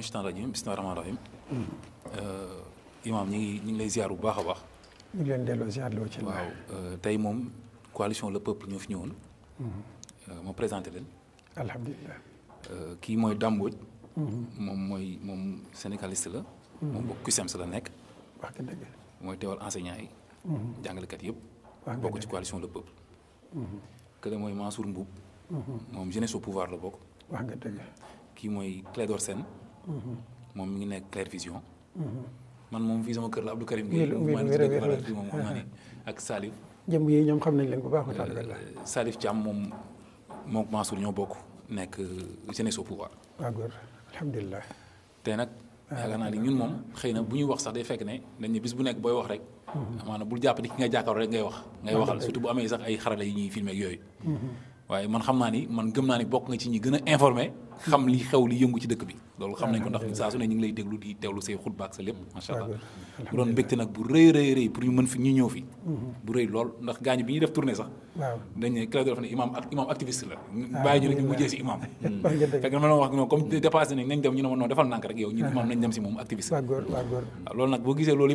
mina shaytaani rajiim bismillaahi rahmaani rahiim ñi ñu ngi lay ziar bu baax a baax. ñu ngi leen waaw tey moom coalition la peuple ñoo fi ñëwoon. Mhm. ma présenté leen. alhamdulilah. kii mooy Dame mhm. moom mooy moom syndicaliste la. Mhm. moom bokk CUSEMS la nekk. wax nga mooy teewal enseignants yi. jàngalekat yëpp. bokk ci coalition le peuple. kële mooy Mansour Mboub. moom jeunesse pouvoir la bokk. wax nga dëgg. kii mooy Clédor Sène. moom mi ngi nekk Claire Vision. man moom fii sama kër la Abdou Karim Gueye. wér moom xam ak Salif. jëmb yi ñoom xam nañ leen bu baax. Euh, Salif Thiam moom moom Mansour ñoo bokk nekk euh, jeunesse au pouvoir. waaw góor alhamdulilah. te nag yaakaar naa ni ñun moom xëy na bu ñuy wax sax day fekk ne dañ ne bis bu nekk booy wax rek. Mhm. maanaam bul jàpp ni ki ngay jàkkaarloo rek ngay wax. ngay waxal surtout bu amee sax ay xarala yi ñuy filmé yooyu. Mhm. waaye man xam naa ni man gëm naa ni bokk nga ci ñi gën a informé xam li xew li yëngu ci dëkk bi loolu xam nañ ko ndax saa su ne ñu ngi lay déglu di teewlu say xutba allah bu doon mbégte nag bu rëy rëy pour ñu mën fi ñu ñëw fi mm-hmm. bu rëy lool ndax gaañu bi ñuy def tournée sax dañ ne Clédor dafa ne imam ak imam activiste la ah, bàyyi ne ñu mujjee si imam mm. comme dépassé nañ dem ñu ne ma non defal nànk rek yow ñun imam nañ dem si moom activiste waaw loolu nag boo gisee loolu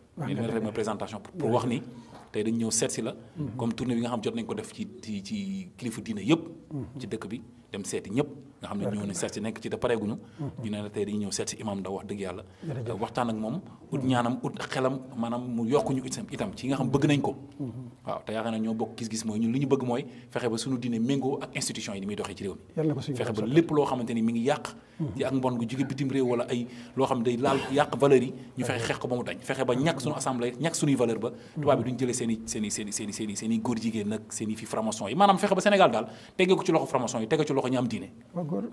ñu ma rek mooy présentation pour wax ni tey dañ ñëw seet si la mhm. comme tournée bi nga xam jot nañ ko def ci ci ci kilifa diine yëpp mhm. ci dëkk bi dem seeti ñëpp nga xam ne ñëw na seet si nekk ci te ñu mm-hmm. ne la tey dañuy ñëw seet si imam ndaw wax dëgg yàlla waxtaan ak moom ut mm-hmm. ñaanam ut xelam maanaam mm-hmm. fexe ba suñu diine méngoo ak institution yi ni i i seen seen i seen i seen i góor jigéen nag seen i Sénégal daal tegee ko ci loxo franc-maçon yi tegee ci loxo ñi diine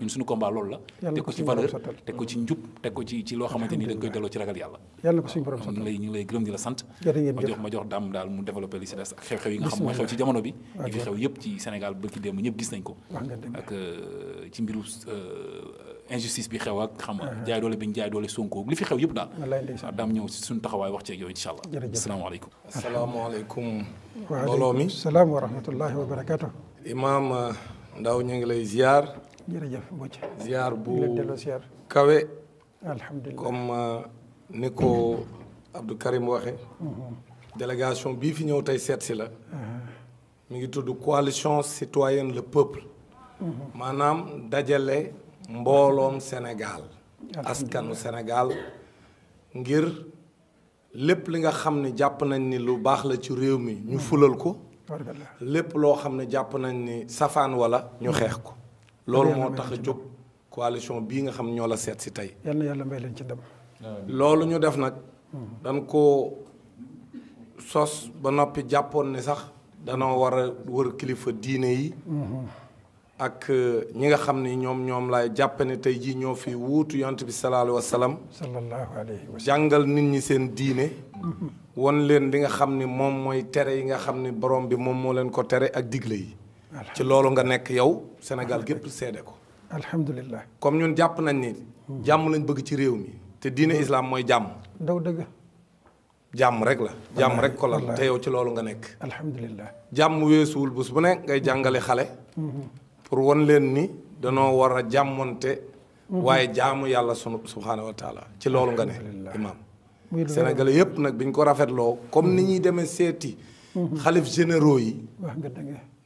ñun suñu combat loolu la teg ko ci valeur teg ko ci njub teg ko ci loo xamante ni dañ koy delloo ci ragal yàlla yàlla ko lay ñu ngi la sant ma jox ma jox dam daal mu développé li si des ak xew-xew yi nga xam mooy xew ci jamono bi yi fi xew yëpp ci Sénégal ak euh, euh, bi xew ak xam nga uh-huh. jaay doole bi ñu jaay doole Sonko li fi xew yëpp daal waaw daam ñëw si suñu taxawaay wax ci ak yow incha allah asalaamaaleykum asalaamaaleykum euh, Ndaw ñu ngi lay ziar jërëjëf Mbodj. ziar bu kawe. alhamdulilah comme euh, ni ko Abdou Karim waxe mhm. délégation bii fi ñëw tey seet si la. mu mhm. ngi tudd coalition citoyenne le peuple. Mhm. maanaam dajale mbooloom Sénégal. askanu Sénégal ngir lépp li nga xam ne jàpp nañ ni lu baax la ci réew mi ñu fulal ko. lépp loo xam ne jàpp nañ ni safaan wala ñu xeex ko. loolu moo tax a jóg coalition bii nga xam ñoo la seet si tey. na may leen ci dem. loolu ñu def nag. Hmm. dañ koo sos ba noppi jàppoon ne sax danoo war a wër kilifa diine yi. Hmm. ak euh, ñi nga xam ni ñoom ñoom laay jàpp ne tey jii ñoo fi wuutu yonent bi salallaahu alayhi wa jàngal nit ñi seen diine. Hmm. won leen li nga xam ni moom mooy tere yi nga xam ni borom bi moom moo leen ko tere ak digle yi. ci loolu nga nekk yow Sénégal gépp seede ko. alhamdulilah comme ñun jàpp nañ ni. jàmm lañ bëgg ci réew mi. te diine islaam mooy jàmm. daw dëgg. jàmm rek la jàmm rek ko la te yow ci loolu nga nekk. alhamdulilah jàmm weesuwul bés bu ne ngay jàngale xale. Mm-hmm. pour won leen ni danoo war a jàmmonte. Mm-hmm. waaye jaamu yàlla sunu subhaanahu wa taala ci loolu nga ne. imaam Sénégalais yëpp nag bi ñu ko rafetloo. comme ni ñuy mm-hmm. demee seeti. xalif généraux yi. wax nga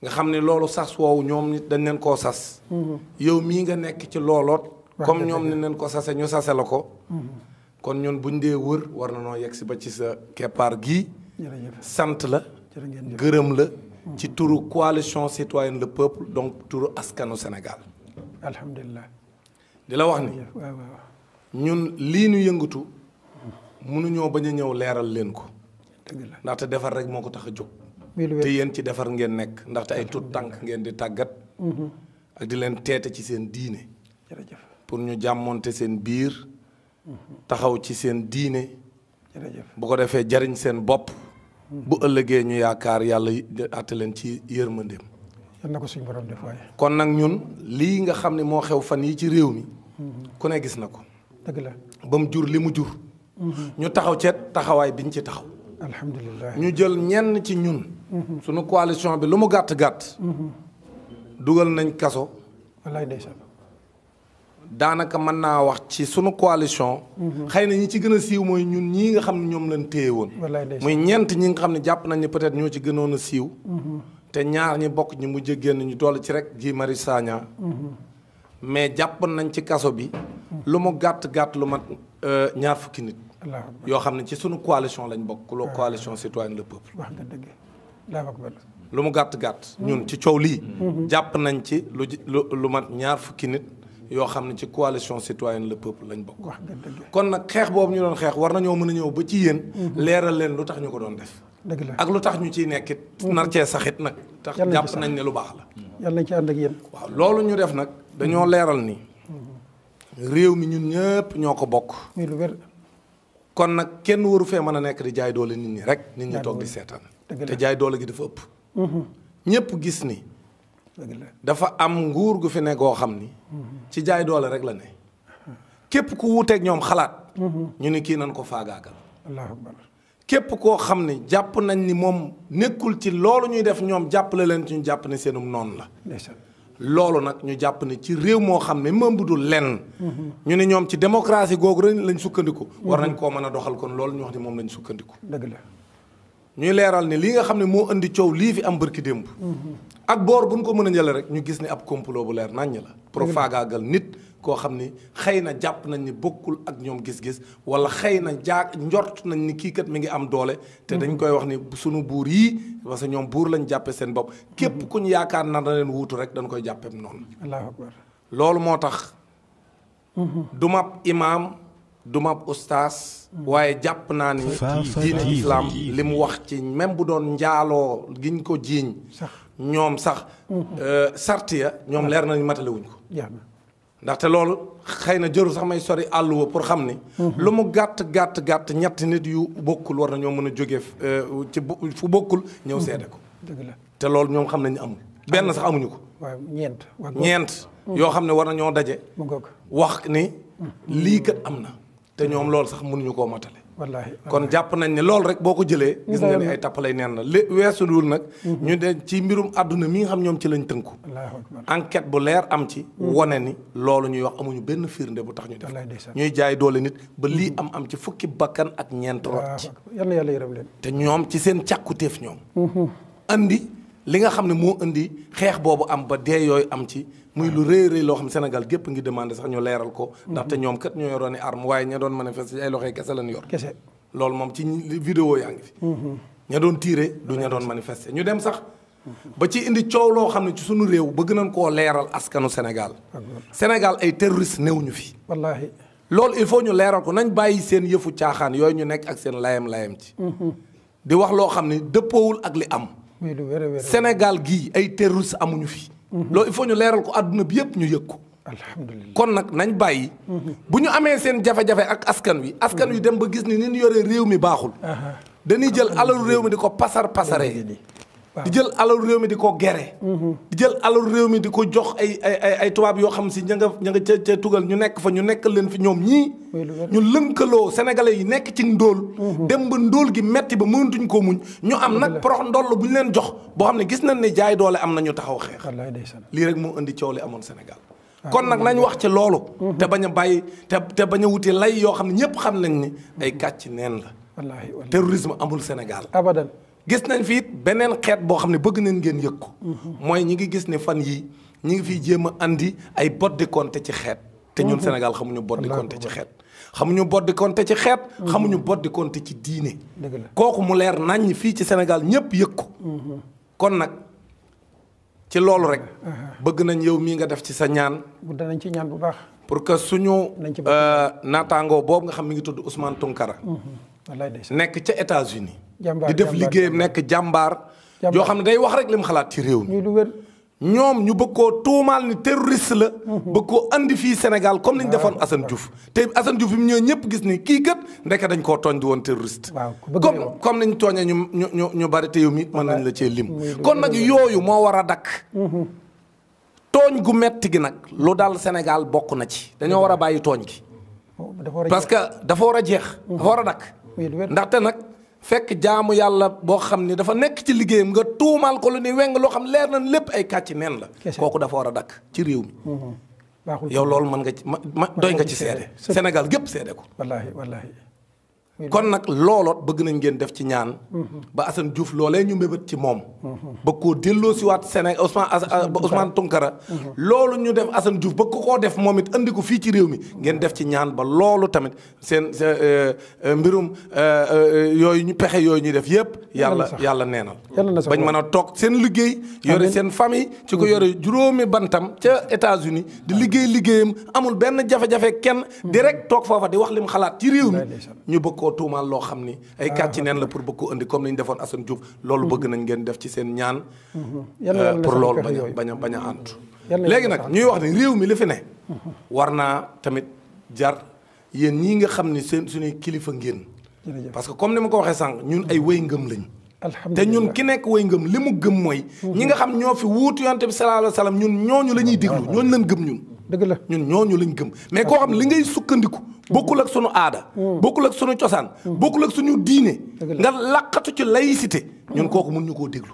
nga xam ne loolu sas woowu ñoom nit dañ leen koo sas mhm. yow mii nga nekk ci looloot comme ñoom ni leen ko sase ñu sase la ko mhm. kon ñun buñ dee wër war na noo yegg si ba ci sa keppaar gii sant la gërëm la mhm. ci turu coalition citoyenne le peuple donc tour askanu senegal alhamdulilah di la wax ni ñun lii ñu yëngatu mënuñoo bañ ñëw leeral leen ko ndaxte defar rek moo ko tax a jóg te yéen ci defar ngeen nekk ndaxte ay tut tànk ngeen di tàggat mm-hmm. ak di leen teete ci seen diine pour ñu jàmmoonte seen biir mm-hmm. taxaw ci seen diine bu ko defee jariñ seen bopp mm-hmm. bu ëllëgee ñu yaakaar yàlla àtte leen ci yërmandeem yàlla na ko suñu borom def waaye kon nag ñun lii nga xam ne moo xew fan yi ci réew mi ku ne gis na ko dëgg la ba mu jur li mu jur ñu taxaw ceet taxawaay biñ ci taxaw alhamdulilah ñu jël ñenn ci ñun. sunu coalition bi lu mu gàtt gàtt. dugal nañ kaso. wallaay ndeysaan. daanaka mën naa wax ci sunu coalition. Mhm. xëy na ñi ci gën a siiw mooy ñun ñii nga xam ne ñoom lañ téye woon. muy ñeent ñi nga xam ne jàpp nañ ne peut-être ñoo ci gënoon a siiw. Mhm. te ñaar ñi bokk ñi mu génn ñu dolli ci rek ji Mari Sagna. Mhm. mais jàpp nañ ci kaso bi. lu mu gàtt gàtt lu mat euh, ñaar fukki nit. yoo xam ne ci suñu coalition lañ bokk. waaw ah. coalition citoyenne le peuple. wax lu mu gàtt gàtt. ñun ci coow lii. Mm-hmm. jàpp nañ ci lu lu mat ñaar fukki nit yoo xam ne ci coalition citoyenne le peuple lañ bokk. wax kon nag xeex boobu ñu doon xeex war nañoo mën a ñëw ba ci yéen. Mm-hmm. leeral leen lu tax ñu ko doon def. dëgg la ak lu tax ñu ciy nekkit mm-hmm. nar cee saxit nag. tax jàpp nañ ne lu baax la. nañ ci ànd ak waaw loolu ñu def nag dañoo leeral nii réew mi ñun ñëpp ñoo ko bokk. kon nag kenn waru fee mën a nekk di jaay doole nit ñi rek nit ñi toog di seetaan te jaay doole gi dafa ëpp mm-hmm. ñëpp gis ni dafa am nguur gu fi ne goo xam ni mm-hmm. ci jaay doole rek la ne képp ku wuuteeg ñoom xalaat mm-hmm. ñu ni kii nañ ko faagaagal képp koo xam ne jàpp nañ ni moom nekkul ci loolu ñuy def ñoom jàppale leen ci ñu jàpp ne seenum noonu la loolu nag ñu jàpp ne ci réew moo xam ne même bu dul lenn. ñu ne ñoom ci démocratie googu rek lañ sukkandiku. war nañ koo mën a doxal kon loolu ñu wax moom lañ sukkandiku. dëgg ñuy leeral ne lii nga xam ne moo indi coow lii fi am bërki démb. ak boor bu mu ko mën a jëlee rek ñu gis ni ab complot bu leer nàññ la. pour faagaagal nit. koo xam ni xëy na jàpp nañ ni bokkul ak ñoom gis-gis wala xëy na jaa njort nañ ni kii kat mu ngi am doole. te dañ koy wax ni sunu buur yi parce que ñoom buur lañ jàppee seen bopp. képp ku ñu yaakaar na leen wutu rek dañ koy jàppee noonu. allahu loolu moo tax. du mab imaam du mab ustaas. waaye jàpp naa ni. diine islam li mu wax ci même bu doon njaaloo giñ ko jiiñ. ñoom sax. Mm-hmm. Euh, sartiya ñoom leer nañu matalewuñ ko. ndaxte loolu xëy na jëru sax may sori àll wa pour xam ni. lu mu gàtt gàtt gàtt ñetti nit yu bokkul war nañoo mën a jógee euh, ci fu bokkul ñëw seede ko. dëgg la te loolu ñoom xam nañu amul. benn sax amuñu ko. waaw ñeent. ñeent yoo xam ne war nañoo daje. wax ni mm. lii kat am na. te ñoom loolu sax mënuñu koo matale. wallaahi kon jàpp nañ ne loolu rek boo ko jëlee. gis nga ne ay tappalay neen la li weesu dul nag. Mhm. ñu de ci mbirum àdduna mi nga xam ñoom ci lañ tënku. enquête bu leer am ci. Mhm. wane ni loolu ñuy wax amuñu benn firnde bu tax ñu def. ñuy jaay doole nit ba lii mhm. am am ci fukki bakkan ak ñeent rot ci. yàlla te ñoom ci seen càkkutéef ñoom. andi. li nga xam ne moo indi xeex boobu am ba dee yooyu am ci muy lu rëy rëy loo xam Sénégal gépp ngi demandé sax ñu leeral ko ndaxte ñoom kat ñoo yoroon arme waaye ña doon manifester ay loxoy kese lañ yor kese loolu moom ci vidéo yaa ngi fi mm-hmm. ña doon tiire du ña doon manifester ñu dem sax ba ci indi coow loo xam ne ci suñu réew bëgg nañ koo leeral askanu Sénégal Sénégal ay terroriste néew ñu fi wallaahi loolu il faut ñu leeral ko nañ bàyyi seen yëfu caaxaan yooyu ñu nekk ak seen layam-layam ci mm-hmm. di wax loo xam ne dëppoowul ak li am Sénégal gii ay terroriste amuñu fi. loo il faut ñu leeral ko àdduna bi yëpp ñu yëg ko. kon nag nañ bàyyi. bu ñu amee seen jafe-jafe ak askan wi. askan wi dem ba gis ni ni ñu yore réew mi baaxul. dañuy jël alalu réew mi di ko pasar pasaree. di jël alalu réew mi di ko gere. di jël alalu réew mi di ko jox ay ay ay tubaab yoo xam si ña nga ña nga ca ca tugal ñu nekk fa ñu nekk leen fi ñoom ñii. ñu lënkaloo sénégalais yi nekk ci ndóol. Mhm. dem ba ndóol gi metti ba mënatuñ ko muñ. ñu am nag porox ndoll bu ñu leen jox boo xam ne gis nañ ne jaay doole am na ñu taxaw xeex. lii rek moo indi coow amoon senegal ah, kon nag nañ wax ci loolu. Mhm. te bañ a bàyyi te te bañ a wuti lay yoo xam ne ñëpp xam nañ ni. ay kàcc neen la. terrorisme amul Sénégal abadan gis nañ fi beneen xeet boo xam ne bëgg nañ ngeen yëg ko mooy ñi ngi gis ne fan yi ñi ngi fiy jéem a andi ay bot di ci xeet te ñun mhm. senegal xamuñu bot di compter ci xeet mhm. xamuñu bot di ci xeet xamuñu bot di compter ci diine kooku mu leer naññ fii ci senegal ñëpp yëg ko mhm. kon nag ci loolu rek bëgg nañ yow mii nga def ci sa ñaan danañ ci ñaan bu baax pour que suñu euh, naataangoo boobu nga xam mi ngi tudd Ousmane Tunkara nekk ca États-Unis di def liggéeyam nekk jàmbaar. yoo xam ne day wax rek li xalaat ci réew mi. ñoom ñu bëgg koo tuumaal ni terroriste la. Mhm. bëgg koo andi fii Sénégal comme ni ñu ah, defoon Assane Diouf. te Assane Diouf bi mu ñëwee ñëpp gis ni kii kat ndeke dañ koo tooñ di woon terroriste. comme comme ni ñu tooñee ñu ñu ñu bari te yow mi mën nañ la cee lim. kon nag yooyu moo war a dakk mhm. tooñ gu metti gi nag lu dal Sénégal bokk na ci dañoo war a bàyyi tooñ gi. Oh, parce que dafa war a jeex. Mhm. dafa war a dakk ndaxte fekk jaamu yàlla boo xam ni dafa nekk ci liggéeyam nga tuumaal ko lu ni weng loo xam leer na lépp ay kàcc neen la. kooku dafa war a dakk ci réew mi. Mm-hmm. baaxul yow loolu mën nga ci ma doy nga ci seede. Sénégal gépp seede ko. wallaahi wallaahi. kon nag looloot bëgg nañ ngeen def ci ñaan. Mm-hmm. ba Assane Diouf loolee ñu mébét ci moom. Mm-hmm. ba koo delloo si waat Sénégal Ousmane Ousmane Tunkara. Mm-hmm. loolu ñu def Assane Diouf ba ko koo def moom it indi ko fii ci réew mi ngeen def ci ñaan ba loolu tamit seen euh, euh, mbirum euh, yooyu ñu pexe yooyu ñuy def yépp yàlla yàlla neenal. bañ mën a toog seen liggéey. yore seen famille. ci ko yore juróomi bantam ca États-Unis di liggéey liggéeyam amul benn jafe-jafe kenn. di rek toog foofa di wax lim xalaat ci réew mi ñu bëgg tuumaal loo xam ni ay ah, kàcci neen la pour bëgg ko indi comme li ñu defoon Assane Diouf loolu bëgg nañ ngeen def ci seen ñaan mm-hmm. euh, pour loolu baña baña bañ a àntu mm-hmm. léegi nag ñuy wax ni réew mi li fi ne mm-hmm. war naa tamit jar yéen ñii nga xam ni seen suñuy kilifa ngeen parce que comme ni ma ko waxee sànq ñun ay wéy ngëm lañ te ñun ki nekk way ngëm li mu gëm mooy ñi nga xam ñoo fi wuutu yonte bi sallallahu alayhi ñun ñooñu la ñuy déglu ñooñu lañ gëm ñun dëgg la ñun ñooñu lañ gëm mais koo xam li ngay sukkandiku bokkul ak sunu aada hmm. bokkul ak sunu cosaan hmm. bokk ak suñu diine nga laqatu ci laïcité ñun kooku mun ñu koo déglu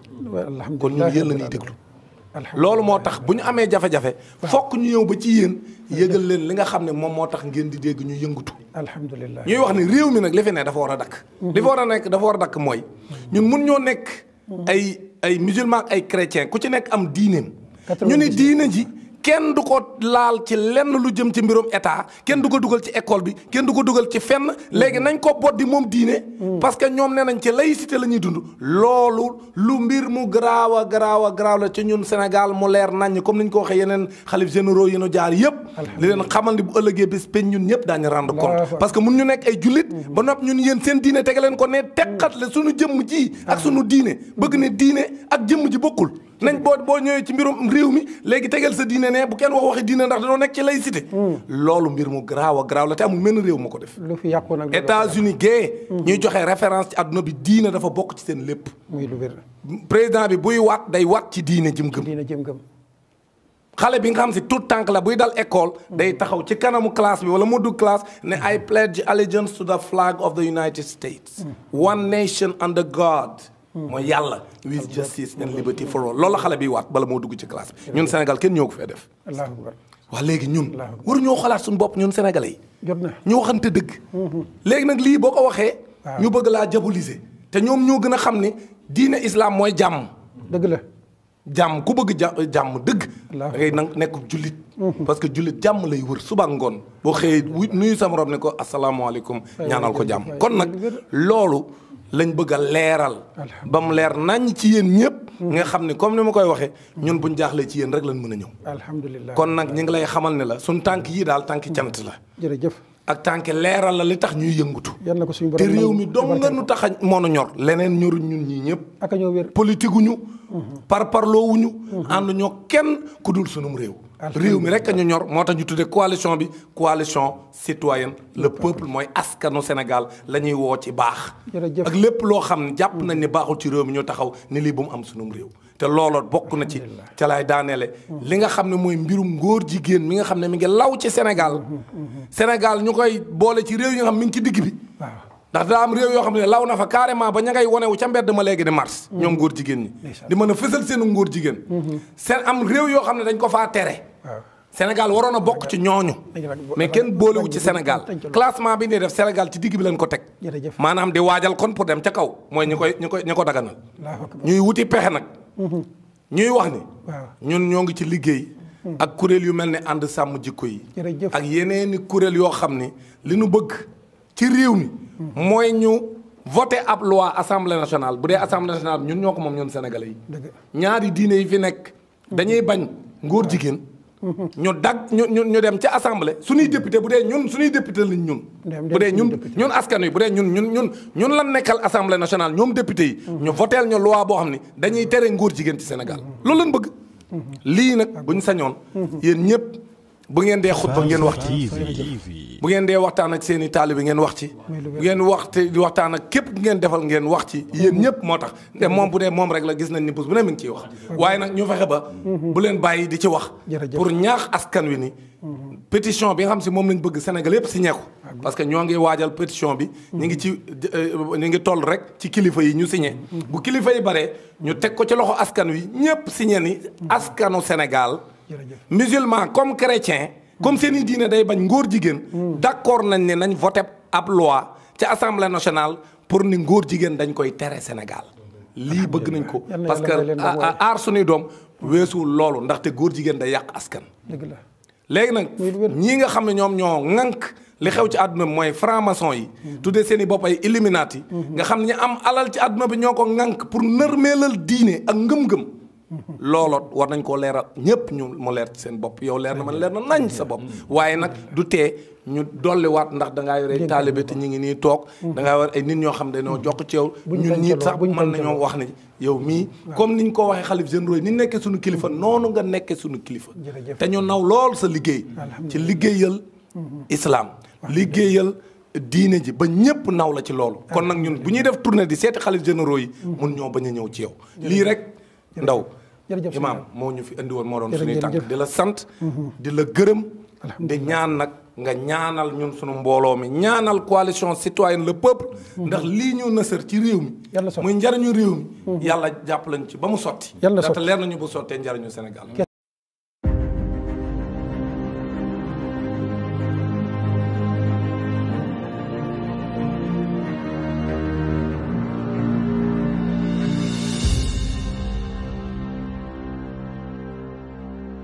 kon ñun yéen la ñuy déglu loolu moo tax bu ñu amee jafe-jafe fokk ñu ñëw ba ci yéen yëgal leen li nga xam ne moom moo tax ngeen di dégg ñu yëngatu alhamdulilah ñuy wax ne réew mi nag li fi ne dafa war a dakk hmm. li fa war a nekk dafa war a dakk mooy ñun mun ñoo nekk ay ay musulman ay chrétien ku ci nekk a diine kenn du ko laal ci lenn lu jëm ci mbirum état kenn du ko dugal ci école bi kenn du ko dugal ci fenn léegi nañ ko boddi moom diine. parce que ñoom nee nañ ci laïcité la ñuy dund. loolu lu mbir mu garaaw a garaaw a garaaw la ci ñun Sénégal mu leer naññ comme ni ñu ko waxee yeneen xalif généro yenu jaar yëpp. li leen xamal bu ëllëgee bés peñ ñun ñëpp daañu rendre compte. parce que mun ñu nekk ay jullit. ba nopp ñun yéen seen diine tege leen ko nee teqat la suñu jëmm ji. ak suñu diine bëgg ne diine ak jëmm ji bokkul. nañ boo boo ñëwee ci mbirum réew mi léegi tegal sa diine ne bu kenn wax waxi diine ndax dañoo nekk ci laïcité hmm. loolu mbir mu garaaw a garaaw la te amul menn réew ma ko def lu fi yàqu nag États-Unis gée hmm. ñuy joxe référence ci àdduna bi diine dafa bokk ci seen lépp lu wér président bi buy waat day wat ci diine jëm gëm diine jëm xale bi nga xam si tout tànk la buy dal école hmm. day taxaw ci kanamu classe bi wala mu dugg classe ne I pledge allegiance to the flag of the United States one nation under God mooy yàlla with justice and liberty for all loolu la xale bi waat bala moo dugg ci classe bi ñun Sénégal kenn ñoo ko fee def waa léegi ñun waru ñoo xalaat suñu bopp ñun sénégalais yi ñu waxante dëgg mhm. léegi nag lii boo ko waxee ñu bëgg laa diaboliser te ñoom ñoo gën a xam ne diine islaam mooy jàmm dëgg la jàmm ku bëgg jàmm dëgg da ngay nag nekk jullit mhm. parce que jullit jàmm lay wër suba ngoon boo xëyee nuyu sama rob ne ko asalaamaaleykum ñaanal ko jàmm kon nag loolu lañ bëgg leeral ba mu leer nañ ci yéen ñëpp nga xam ne comme ni ma koy waxee ñun buñ jaaxlee ci yéen rek lañ mën a ñëw alhamdulilah kon nag ñu ngi lay xamal ne la suñ tànk yii daal tànk cant la jërëjëf ak tànk leeral la li tax ñuy yëngutu te réew mi dong nga nu tax a moonu ñor leneen ñoruñ ñun ñii ñëpp ak ñoo wér politique wuñu mhm. parparloo wuñu mhm. ànduñoo kenn ku dul sunum réew réew mi rek ñu ñor moo tax ñu tuddee coalition bi coalition citoyenne le peuple mooy askanu Sénégal la ñuy woo ci baax. ak lépp loo xam ne jàpp nañ ne mm. baaxul ci réew mi ñu taxaw ni lii bu mu am sunum réew. te looloo bokk na ci ca lay daaneele mm. li nga xam ne mooy mbirum ngóor jigéen mi nga xam ne mi ngi law ci Sénégal. Mm-hmm, mm-hmm. Sénégal ñu koy boole ci réew yi nga xam mi ngi ci digg bi. ndax daa am réew yoo xam ne law na fa carrément ba ña ngay wonewu ca mbedd ma léegi di mars. Mm-hmm. ñoom ngóor jigéen ñi. di mën a fësal seen ngóor jigéen. seen am réew yoo xam ne dañ ko faa tere Sénégal waroon a bokk ci ñooñu. mais kenn boolewu ci Sénégal classement bi ñuy def Sénégal ci digg bi lañ ko teg. maanaam di waajal kon pour dem ca kaw mooy ñu koy ñu koy ñi ko daganal. ñuy wuti pexe nag. Mhm. ñuy wax ni. ñun ñoo ngi ci liggéey. Mhm. ak kuréel yu mel ne ànd sàmm jikko yi. ak yeneen kuréel yoo xam ne li nu bëgg ci réew mi. Mhm. mooy ñu voté ab loi assemblée nationale bu dee assemblée nationale ñun ñoo ko moom ñun sénégalais yi. ñaari diine yi fi nekk. dañuy bañ ngóor jigéen. ñu dag ñu ñu ñu dem ci assemblée suñuy hmm. député bu dee ñun suñuy député lañ ñun. bu dee ñun ñun askan wi bu dee ñun ñun ñun ñun lan nekkal assemblée nationale ñoom député yi. Hmm. ñu voteel ñu loi boo xam ni dañuy tere ngóor jigéen ci Sénégal hmm. loolu lañ bëgg. lii nag ñu sañoon yéen ñëpp. bu ngeen dee xutba ngeen wax ci bu ngeen dee waxtaan ak seen taali bi ngeen wax ci bu ngeen waxte waxtaan ak képp ngeen defal ngeen wax ci yéen ñëpp moo tax te moom bu dee moom rek la gis nañ ni bés bu ne mi wax waaye nag ñu fexe ba mhm. bu leen bàyyi di ci wax pour ñaax askan wi ni mhm. pétition bi nga xam si moom lañ bëgg Sénégal yëpp signé ko ah parce que ñoo ngi waajal pétition bi ñu ngi ci euh, ñu ngi toll rek ci kilifa yi ñu signé mhm. bu kilifa yi bare ñu teg ko ci loxo askan wi ñëpp signé ni askanu Sénégal musulman comme chrétien comme mm. seen i diine day bañ ngóor jigéen mm. d'accord nañ ne nañ voté ab loi ci assemblée nationale pour ni ngóor jigéen dañ koy tere Sénégal lii bëgg nañ ko parce que aar suñuy doom weesuwul loolu ndaxte góor jigéen day yàq askan léegi nag ñii nga xam ne ñoom ñoo ŋànk li xew ci àdduna bi mooy franc-maçon yi mm-hmm. tuddee seen seeni bopp ay illuminati mm-hmm. nga xam ne ñu am alal ci àdduna bi ñoo ko ŋànk pour nërmeelal diine ak ngëm-ngëm looloo war nañ koo leeral ñëpp ñu mu leer seen bopp yow leer na man leer na nañ sa bopp waaye nag du tee ñu dolliwaat ndax dangaa yore taalibe te ñu ngi nii toog mm. dangaa war ay nit ñoo xam ne dañoo mm. jokk ci yow ñu ñii sax mën nañoo wax ne yow mii comme ñu ko waxee xalif généraux yi ni nekkee suñu kilifa mm. noonu nga nekkee suñu kilifa te ñu naw lool sa liggéey ci liggéeyal mm-hmm. islaam liggéeyal diine ji ba ñëpp naw la ci loolu kon nag ñun bu ñuy def tournée di seeti xalif généraux yi mun ñoo bañ a ñëw ci yow lii rek ndaw jërëjëf maam moo ñu fi indi woon moo doon suñuy tànk di la sant mhm. di la gërëm di ñaan nag nga ñaanal ñun suñu mbooloo mi ñaanal coalition citoyenne le peuple mhm. ndax lii ñu nësër ci réew mi muy njariñu réew mi mhm. yàlla jàpp lañ ci ba mu sotti ndaxte leer nañu bu sottee njariñu Sénégal